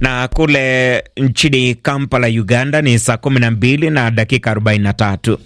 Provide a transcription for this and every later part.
Na kule nchini Kampala, Uganda ni saa kumi na mbili na dakika arobaini na tatu.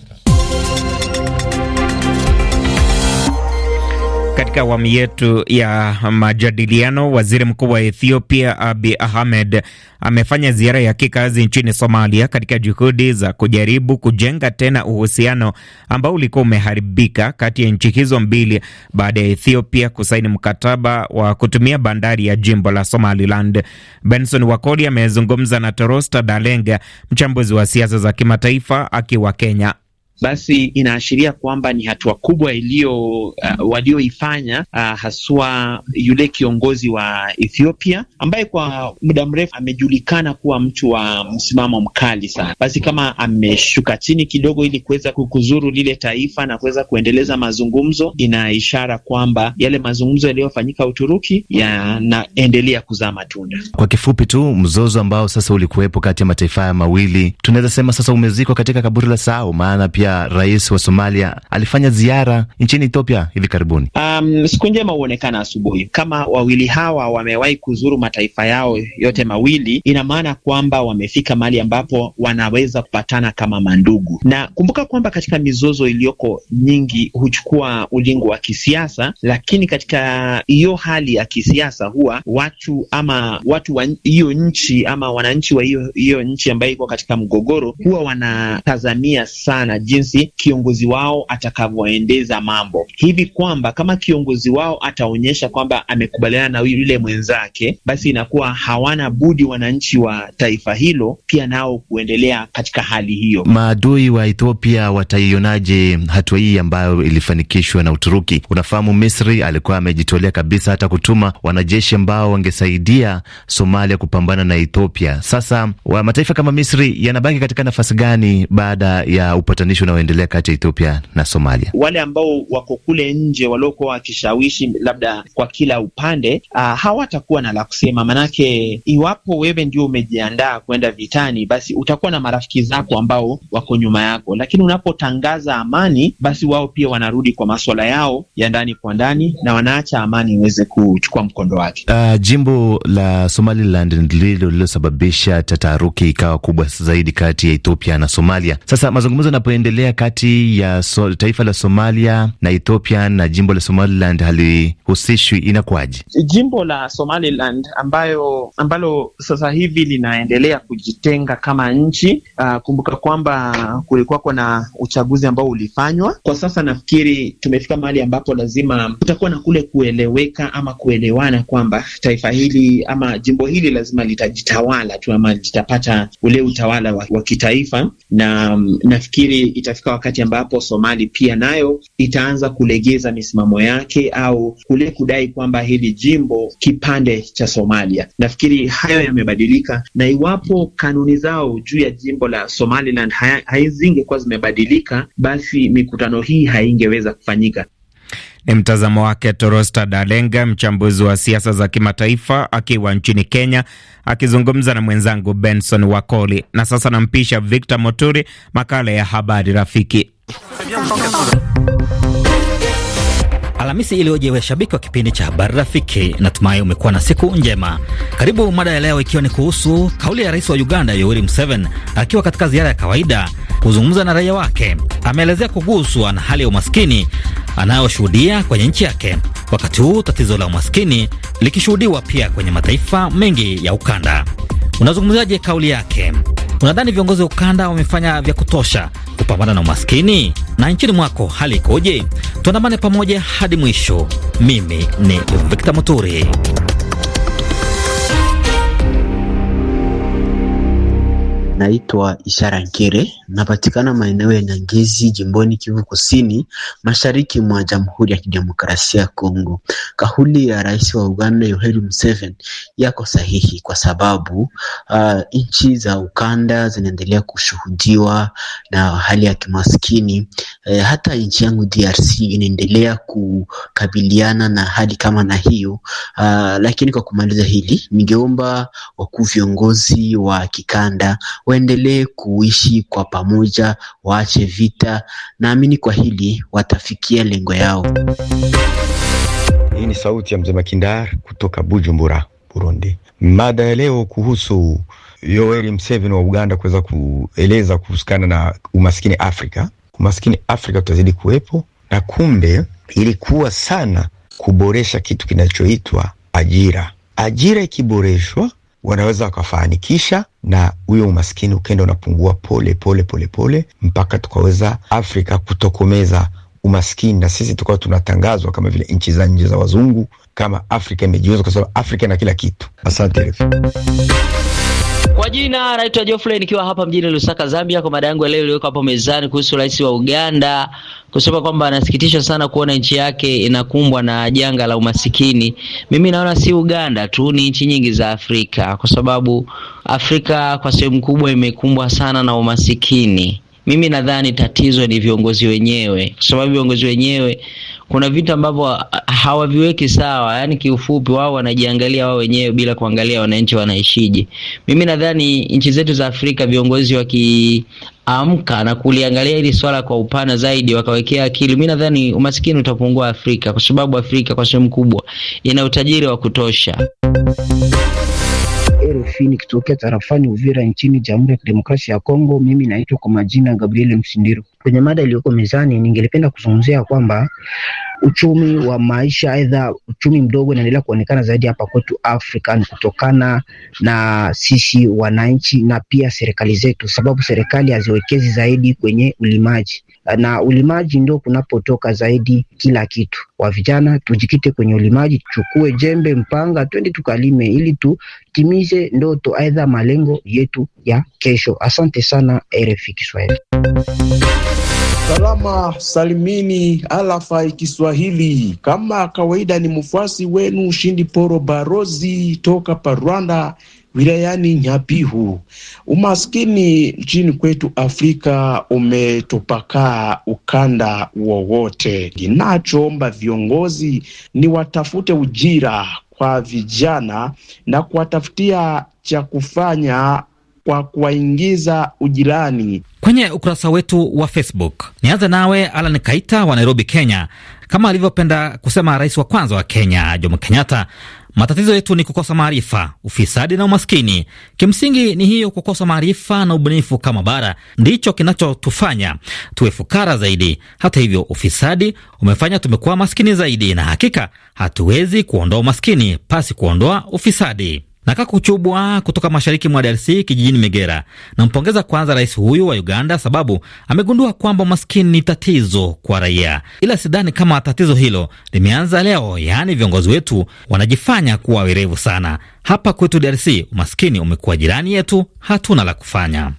Katika awamu yetu ya majadiliano, waziri mkuu wa Ethiopia Abi Ahmed amefanya ziara ya kikazi nchini Somalia katika juhudi za kujaribu kujenga tena uhusiano ambao ulikuwa umeharibika kati ya nchi hizo mbili baada ya Ethiopia kusaini mkataba wa kutumia bandari ya jimbo la Somaliland. Benson Wakoli amezungumza na Torosta Dalenga, mchambuzi wa siasa za kimataifa akiwa Kenya basi inaashiria kwamba ni hatua kubwa iliyo uh, walioifanya uh, haswa yule kiongozi wa Ethiopia ambaye kwa muda mrefu amejulikana kuwa mtu wa msimamo mkali sana. Basi kama ameshuka chini kidogo ili kuweza kukuzuru lile taifa na kuweza kuendeleza mazungumzo, ina ishara kwamba yale mazungumzo yaliyofanyika Uturuki yanaendelea kuzaa matunda. Kwa kifupi tu, mzozo ambao sasa ulikuwepo kati ya mataifa haya mawili tunaweza sema sasa umezikwa katika kaburi la sahau, maana pia rais wa Somalia alifanya ziara nchini Ethiopia hivi karibuni. Um, siku njema huonekana asubuhi. Kama wawili hawa wamewahi kuzuru mataifa yao yote mawili, ina maana kwamba wamefika mahali ambapo wanaweza kupatana kama mandugu, na kumbuka kwamba katika mizozo iliyoko nyingi huchukua ulingo wa kisiasa, lakini katika hiyo hali ya kisiasa huwa watu ama watu wa hiyo nchi ama wananchi wa hiyo nchi ambayo iko katika mgogoro huwa wanatazamia sana jinsi kiongozi wao atakavyoendeza mambo, hivi kwamba kama kiongozi wao ataonyesha kwamba amekubaliana na yule mwenzake, basi inakuwa hawana budi wananchi wa taifa hilo pia nao kuendelea katika hali hiyo. Maadui wa Ethiopia wataionaje hatua hii ambayo ilifanikishwa na Uturuki? Unafahamu Misri alikuwa amejitolea kabisa hata kutuma wanajeshi ambao wangesaidia Somalia kupambana na Ethiopia. Sasa wa mataifa kama Misri yanabaki katika nafasi gani baada ya upatanisho ugomvi unaoendelea kati ya Ethiopia na Somalia. Wale ambao wako kule nje waliokuwa wakishawishi labda kwa kila upande uh, hawatakuwa na la kusema, manake iwapo wewe ndio umejiandaa kwenda vitani, basi utakuwa na marafiki zako ambao wako nyuma yako, lakini unapotangaza amani, basi wao pia wanarudi kwa maswala yao ya ndani kwa ndani na wanaacha amani iweze kuchukua mkondo wake. Uh, jimbo la Somaliland ndilo lililosababisha tataruki ikawa kubwa zaidi kati ya Ethiopia na Somalia. Sasa mazungumzo yanapoendelea linaloendelea kati ya so, taifa la Somalia na Ethiopia na jimbo la Somaliland halihusishwi, inakuwaje? Jimbo la Somaliland ambayo ambalo sasa hivi linaendelea kujitenga kama nchi. Uh, kumbuka kwamba kulikuwa na uchaguzi ambao ulifanywa. Kwa sasa nafikiri tumefika mahali ambapo lazima kutakuwa na kule kueleweka ama kuelewana kwamba taifa hili ama jimbo hili lazima litajitawala tu ama litapata ule utawala wa, wa kitaifa na mm, nafikiri itafika wakati ambapo Somali pia nayo itaanza kulegeza misimamo yake au kule kudai kwamba hili jimbo kipande cha Somalia. Nafikiri hayo yamebadilika, na iwapo kanuni zao juu ya jimbo la Somaliland hazingekuwa zimebadilika, basi mikutano hii haingeweza kufanyika. Ni mtazamo wake Torosta Dalenga, mchambuzi wa siasa za kimataifa akiwa nchini Kenya, akizungumza na mwenzangu Benson Wakoli. Na sasa nampisha Victor Moturi, makala ya habari rafiki. Alhamisi iliyojewe shabiki wa kipindi cha habari rafiki, natumai umekuwa na siku njema. Karibu mada ya leo ikiwa ni kuhusu kauli ya rais wa Uganda Yoweri Museveni akiwa katika ziara ya kawaida kuzungumza na raia wake. Ameelezea kuguswa na hali ya umaskini anayoshuhudia kwenye nchi yake, wakati huu tatizo la umaskini likishuhudiwa pia kwenye mataifa mengi ya ukanda. unazungumzaje kauli yake? Unadhani viongozi wa ukanda wamefanya vya kutosha kupambana na umaskini? Na nchini mwako hali ikoje? Tuandamane pamoja hadi mwisho. Mimi ni Victor Muturi. Naitwa Ishara Nkere, napatikana maeneo ya Nyangezi, jimboni Kivu Kusini, mashariki mwa Jamhuri ya Kidemokrasia ya Kongo. Kauli ya rais wa Uganda Yoweri Museveni yako sahihi kwa sababu uh, nchi za ukanda zinaendelea kushuhudiwa na hali ya kimaskini. E, hata nchi yangu DRC inaendelea kukabiliana na hali kama na hiyo. Uh, lakini kwa kumaliza hili, ningeomba wakuu viongozi wa kikanda waendelee kuishi kwa pamoja, waache vita. Naamini kwa hili watafikia lengo yao. Hii ni sauti ya mzee Makindar kutoka Bujumbura, Burundi. Mada ya leo kuhusu Yoweri Museveni wa Uganda kuweza kueleza kuhusikana na umaskini Afrika. Umaskini Afrika utazidi kuwepo, na kumbe ilikuwa sana kuboresha kitu kinachoitwa ajira. Ajira ikiboreshwa wanaweza wakafanikisha, na huyo umaskini ukenda unapungua pole pole pole pole mpaka tukaweza Afrika kutokomeza umaskini, na sisi tukawa tunatangazwa kama vile nchi za nje za wazungu, kama Afrika imejiweza, kwa sababu Afrika ina kila kitu. Asante. Kwa jina naitwa Geoffrey nikiwa hapa mjini Lusaka, Zambia. Kwa mada yangu leo iliyoko hapo mezani kuhusu rais wa Uganda kusema kwamba anasikitishwa sana kuona nchi yake inakumbwa na janga la umasikini. Mimi naona si Uganda tu, ni nchi nyingi za Afrika, kwa sababu Afrika kwa sehemu kubwa imekumbwa sana na umasikini. Mimi nadhani tatizo ni viongozi wenyewe, kwa sababu viongozi wenyewe kuna vitu ambavyo hawaviweki sawa. Yani kiufupi, wao wanajiangalia wao wenyewe bila kuangalia wananchi wanaishije. Mimi nadhani nchi zetu za Afrika viongozi amka na kuliangalia hili swala kwa upana zaidi, wakawekea akili, mi nadhani umasikini utapungua Afrika, kwa sababu Afrika kwa sehemu kubwa ina utajiri wa kutosha. RFI nikitokea tarafani Uvira nchini Jamhuri ya Kidemokrasia ya Kongo. Mimi naitwa kwa majina Gabriel Msindiro. Kwenye mada iliyoko mezani, ningelipenda kuzungumzia kwamba uchumi wa maisha, aidha uchumi mdogo, inaendelea kuonekana zaidi hapa kwetu Afrika, ni kutokana na sisi wananchi na pia serikali zetu, sababu serikali haziwekezi zaidi kwenye ulimaji na ulimaji ndio kunapotoka zaidi kila kitu. Wa vijana tujikite kwenye ulimaji, tuchukue jembe, mpanga, twende tukalime ili tutimize ndoto aidha malengo yetu ya kesho. Asante sana RFI Kiswahili. Salama salimini alafa Kiswahili, kama kawaida ni mfuasi wenu Ushindi Poro Barozi toka pa Rwanda wilayani Nyabihu. Umaskini nchini kwetu Afrika umetopakaa ukanda wowote. Ninachoomba viongozi ni watafute ujira kwa vijana na kuwatafutia cha kufanya kwa kuwaingiza ujirani. Kwenye ukurasa wetu wa Facebook, nianze nawe Alan Kaita wa Nairobi, Kenya. Kama alivyopenda kusema rais wa kwanza wa Kenya Jomo Kenyatta, matatizo yetu ni kukosa maarifa, ufisadi na umaskini. Kimsingi ni hiyo kukosa maarifa na ubunifu kama bara ndicho kinachotufanya tuwe fukara zaidi. Hata hivyo, ufisadi umefanya tumekuwa maskini zaidi, na hakika hatuwezi kuondoa umaskini pasi kuondoa ufisadi. Naka Kuchubwa kutoka mashariki mwa DRC kijijini Megera. Nampongeza kwanza rais huyu wa Uganda sababu amegundua kwamba umaskini ni tatizo kwa raia, ila sidhani kama tatizo hilo limeanza leo, yaani viongozi wetu wanajifanya kuwa werevu sana. Hapa kwetu DRC umaskini umekuwa jirani yetu, hatuna la kufanya.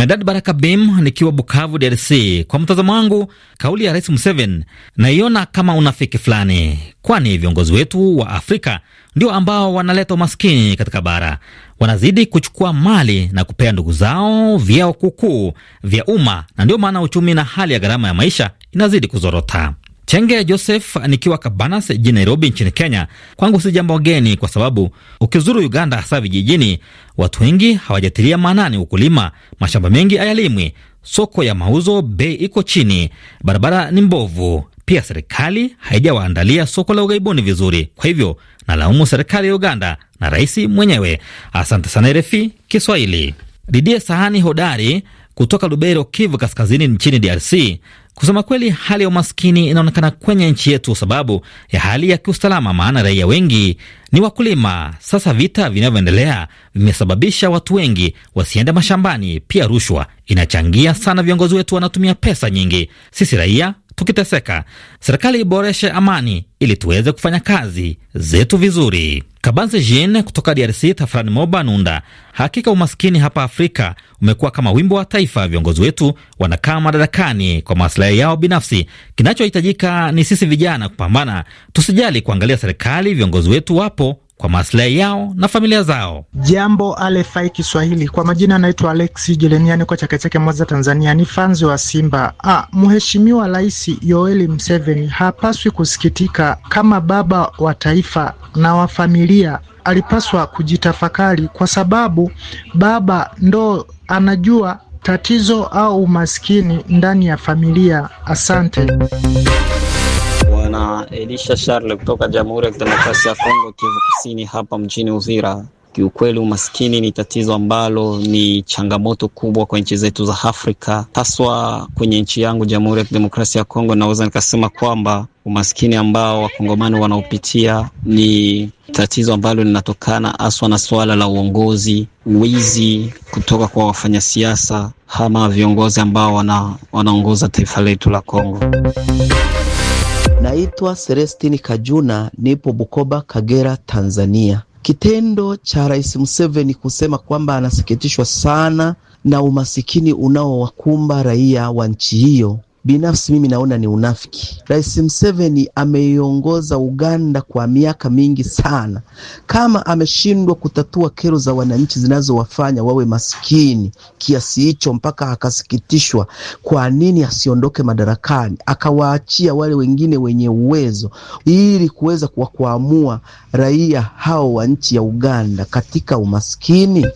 Medad Baraka Bim nikiwa Bukavu, DRC. Kwa mtazamo wangu, kauli ya Rais Museveni naiona kama unafiki fulani, kwani viongozi wetu wa Afrika ndio ambao wanaleta umaskini katika bara, wanazidi kuchukua mali na kupea ndugu zao vyao kukuu vya umma, na ndio maana uchumi na hali ya gharama ya maisha inazidi kuzorota. Chenge Joseph nikiwa Kabanas jijini Nairobi nchini Kenya. Kwangu si jambo geni, kwa sababu ukizuru Uganda, hasa vijijini, watu wengi hawajatilia maanani ukulima. Mashamba mengi hayalimwi, soko ya mauzo, bei iko chini, barabara ni mbovu, pia serikali haijawaandalia soko la ughaibuni vizuri. Kwa hivyo nalaumu serikali ya Uganda na rais mwenyewe. Asante sana RFI Kiswahili. Didie Sahani hodari kutoka Lubero, Kivu Kaskazini, nchini DRC. Kusema kweli, hali ya umaskini inaonekana kwenye nchi yetu sababu ya hali ya kiusalama, maana raia wengi ni wakulima. Sasa vita vinavyoendelea vimesababisha watu wengi wasiende mashambani. Pia rushwa inachangia sana, viongozi wetu wanatumia pesa nyingi. Sisi raia tukiteseka. Serikali iboreshe amani ili tuweze kufanya kazi zetu vizuri. Kabanze Jean kutoka DRC, Tafrani Moba Nunda. Hakika umaskini hapa Afrika umekuwa kama wimbo wa taifa. Viongozi wetu wanakaa madarakani kwa maslahi yao binafsi. Kinachohitajika ni sisi vijana kupambana, tusijali kuangalia serikali. Viongozi wetu wapo kwa maslahi yao na familia zao. Jambo alefai Kiswahili, kwa majina anaitwa Alex Jeremia, niko Chake Chake, Mwanza, Tanzania. ni fanzi wa Simba. Ah, Mheshimiwa Rais yoeli mseveni hapaswi kusikitika. Kama baba wa taifa na wa familia, alipaswa kujitafakari, kwa sababu baba ndo anajua tatizo au umaskini ndani ya familia. Asante na eh, Elisha Charles kutoka Jamhuri ya Kidemokrasia ya Kongo, Kivu Kusini, hapa mjini Uvira. Kiukweli, umaskini ni tatizo ambalo ni changamoto kubwa kwa nchi zetu za Afrika, haswa kwenye nchi yangu Jamhuri ya Kidemokrasia ya Kongo. Naweza nikasema kwamba umaskini ambao wakongomani wanaopitia ni tatizo ambalo linatokana haswa na suala la uongozi, wizi kutoka kwa wafanyasiasa ama viongozi ambao wanaongoza taifa letu la Kongo. Naitwa Celestini Kajuna, nipo Bukoba, Kagera, Tanzania. Kitendo cha Rais Museveni kusema kwamba anasikitishwa sana na umasikini unaowakumba raia wa nchi hiyo Binafsi mimi naona ni unafiki. Rais Museveni ameiongoza Uganda kwa miaka mingi sana. Kama ameshindwa kutatua kero za wananchi zinazowafanya wawe maskini kiasi hicho mpaka akasikitishwa, kwa nini asiondoke madarakani akawaachia wale wengine wenye uwezo ili kuweza kuwakwamua raia hao wa nchi ya Uganda katika umaskini?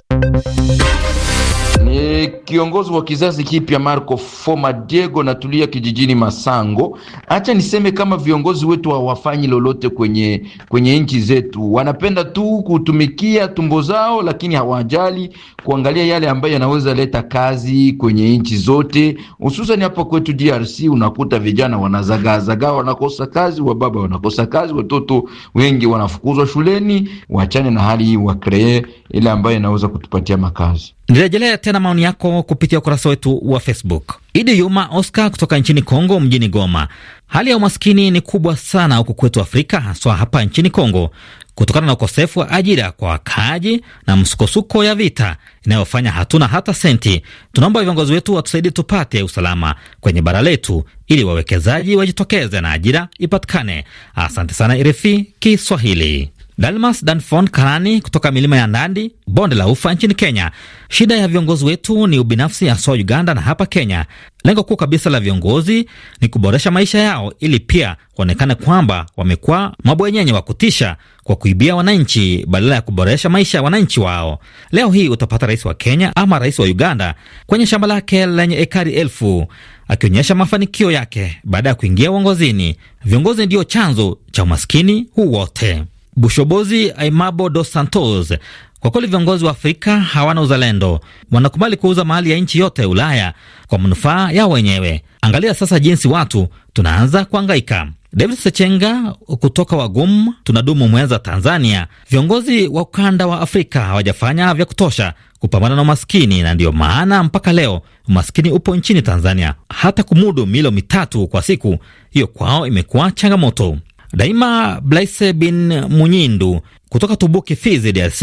Ni kiongozi wa kizazi kipya Marco Foma Diego natulia kijijini Masango. Acha niseme kama viongozi wetu hawafanyi lolote kwenye, kwenye nchi zetu, wanapenda tu kutumikia tumbo zao, lakini hawajali kuangalia yale ambayo yanaweza leta kazi kwenye nchi zote, hususan hapa kwetu DRC. Unakuta vijana wanazagaazagaa, wanakosa kazi, wababa wanakosa kazi, watoto wengi wanafukuzwa shuleni. Wachane na hali hii, wakree ile ambayo inaweza kutupatia makazi. Nirejelea tena maoni yako kupitia ukurasa wetu wa Facebook. Idi Yuma Oscar kutoka nchini Kongo, mjini Goma. Hali ya umaskini ni kubwa sana huku kwetu Afrika, haswa hapa nchini Kongo, kutokana na ukosefu wa ajira kwa wakaaji na msukosuko ya vita inayofanya hatuna hata senti. Tunaomba viongozi wetu watusaidie tupate usalama kwenye bara letu, ili wawekezaji wajitokeze na ajira ipatikane. Asante sana RFI Kiswahili. Dalmas Danfon Karani kutoka milima ya Ndandi, bonde la Ufa nchini Kenya. Shida ya viongozi wetu ni ubinafsi, haswa Uganda na hapa Kenya. Lengo kuu kabisa la viongozi ni kuboresha maisha yao, ili pia waonekane kwamba wamekuwa mabwenyenye wa kutisha kwa kuibia wananchi badala ya kuboresha maisha ya wananchi wao. Leo hii utapata rais wa Kenya ama rais wa Uganda kwenye shamba lake lenye ekari elfu akionyesha mafanikio yake baada ya kuingia uongozini. Viongozi ndiyo chanzo cha umaskini huu wote. Bushobozi Aimabo Dos Santos. Kwa kweli viongozi wa Afrika hawana uzalendo, wanakubali kuuza mahali ya nchi yote Ulaya kwa manufaa yao wenyewe. Angalia sasa jinsi watu tunaanza kuangaika. David Sechenga kutoka wagumu tunadumu mwenza Tanzania. Viongozi wa ukanda wa Afrika hawajafanya vya kutosha kupambana na umaskini, na ndiyo maana mpaka leo umaskini upo nchini Tanzania. Hata kumudu milo mitatu kwa siku, hiyo kwao imekuwa changamoto. Daima Blaise bin Munyindu kutoka Tubuki, Fizi, DRC.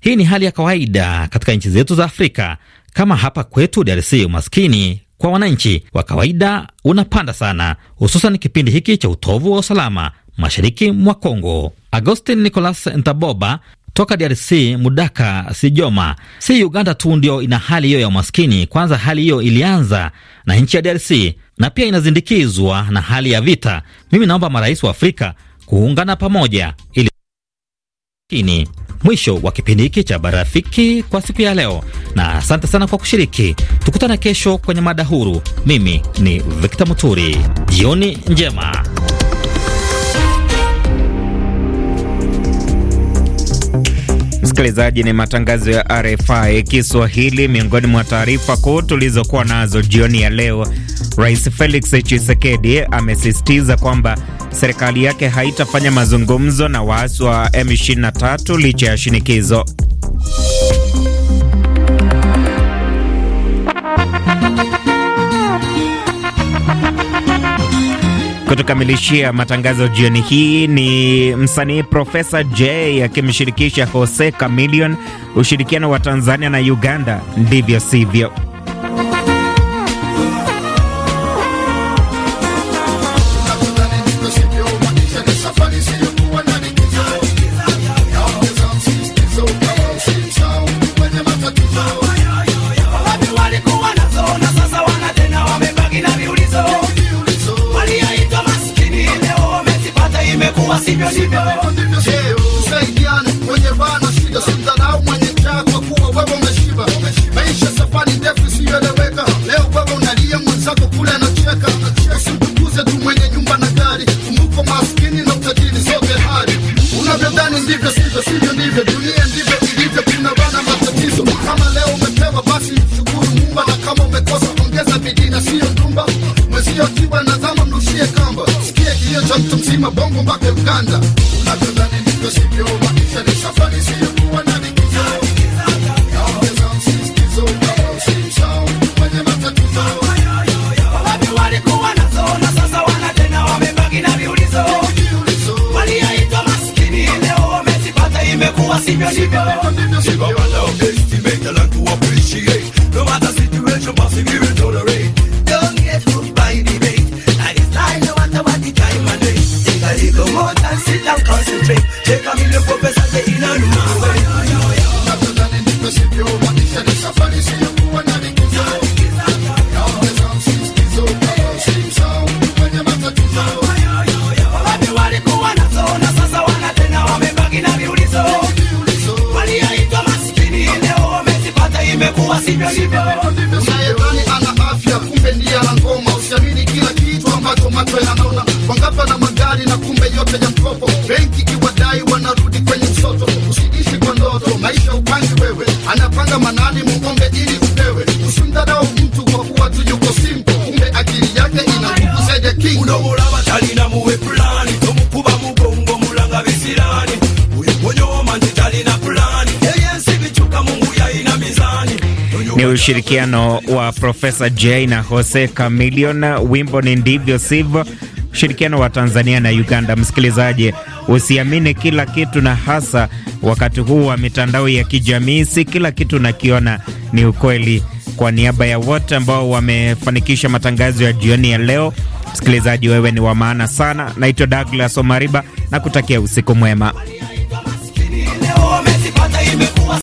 Hii ni hali ya kawaida katika nchi zetu za Afrika kama hapa kwetu DRC. Umaskini kwa wananchi wa kawaida unapanda sana, hususan kipindi hiki cha utovu wa usalama mashariki mwa Kongo. Agostin Nicolas Ntaboba toka DRC, Mudaka Sijoma. Si Uganda tu ndio ina hali hiyo ya umaskini, kwanza hali hiyo ilianza na nchi ya DRC na pia inazindikizwa na hali ya vita. Mimi naomba marais wa Afrika kuungana pamoja ili kini. Mwisho wa kipindi hiki cha Bara Rafiki kwa siku ya leo, na asante sana kwa kushiriki. Tukutane kesho kwenye mada huru. Mimi ni Victor Muturi, jioni njema. Msikilizaji, ni matangazo ya RFI Kiswahili. Miongoni mwa taarifa kuu tulizokuwa nazo jioni ya leo, Rais Felix Tshisekedi amesisitiza kwamba serikali yake haitafanya mazungumzo na waasi wa M23 licha ya shinikizo. Kutukamilishia matangazo jioni hii ni msanii Profesa J akimshirikisha Jose Chameleone, ushirikiano wa Tanzania na Uganda ndivyo sivyo. principio, principio sivyo hivyo. Unayedhani ana afya, kumbe ndiye ana ngoma. Usiamini kila kitu ambacho macho yanaona. Wangapi na magari na kumbe yote ya mkopo. Benki iwadai wanarudi kwenye msoto. usidishi kwa ndoto, maisha upangi wewe, anapanga mana Ni ushirikiano wa Profesa J na Jose camilion wimbo ni ndivyo sivyo, ushirikiano wa Tanzania na Uganda. Msikilizaji, usiamini kila kitu, na hasa wakati huu wa mitandao ya kijamii, si kila kitu nakiona ni ukweli. Kwa niaba ya wote ambao wamefanikisha matangazo ya jioni ya leo, msikilizaji, wewe ni wa maana sana. Naitwa Douglas Omariba na kutakia usiku mwema.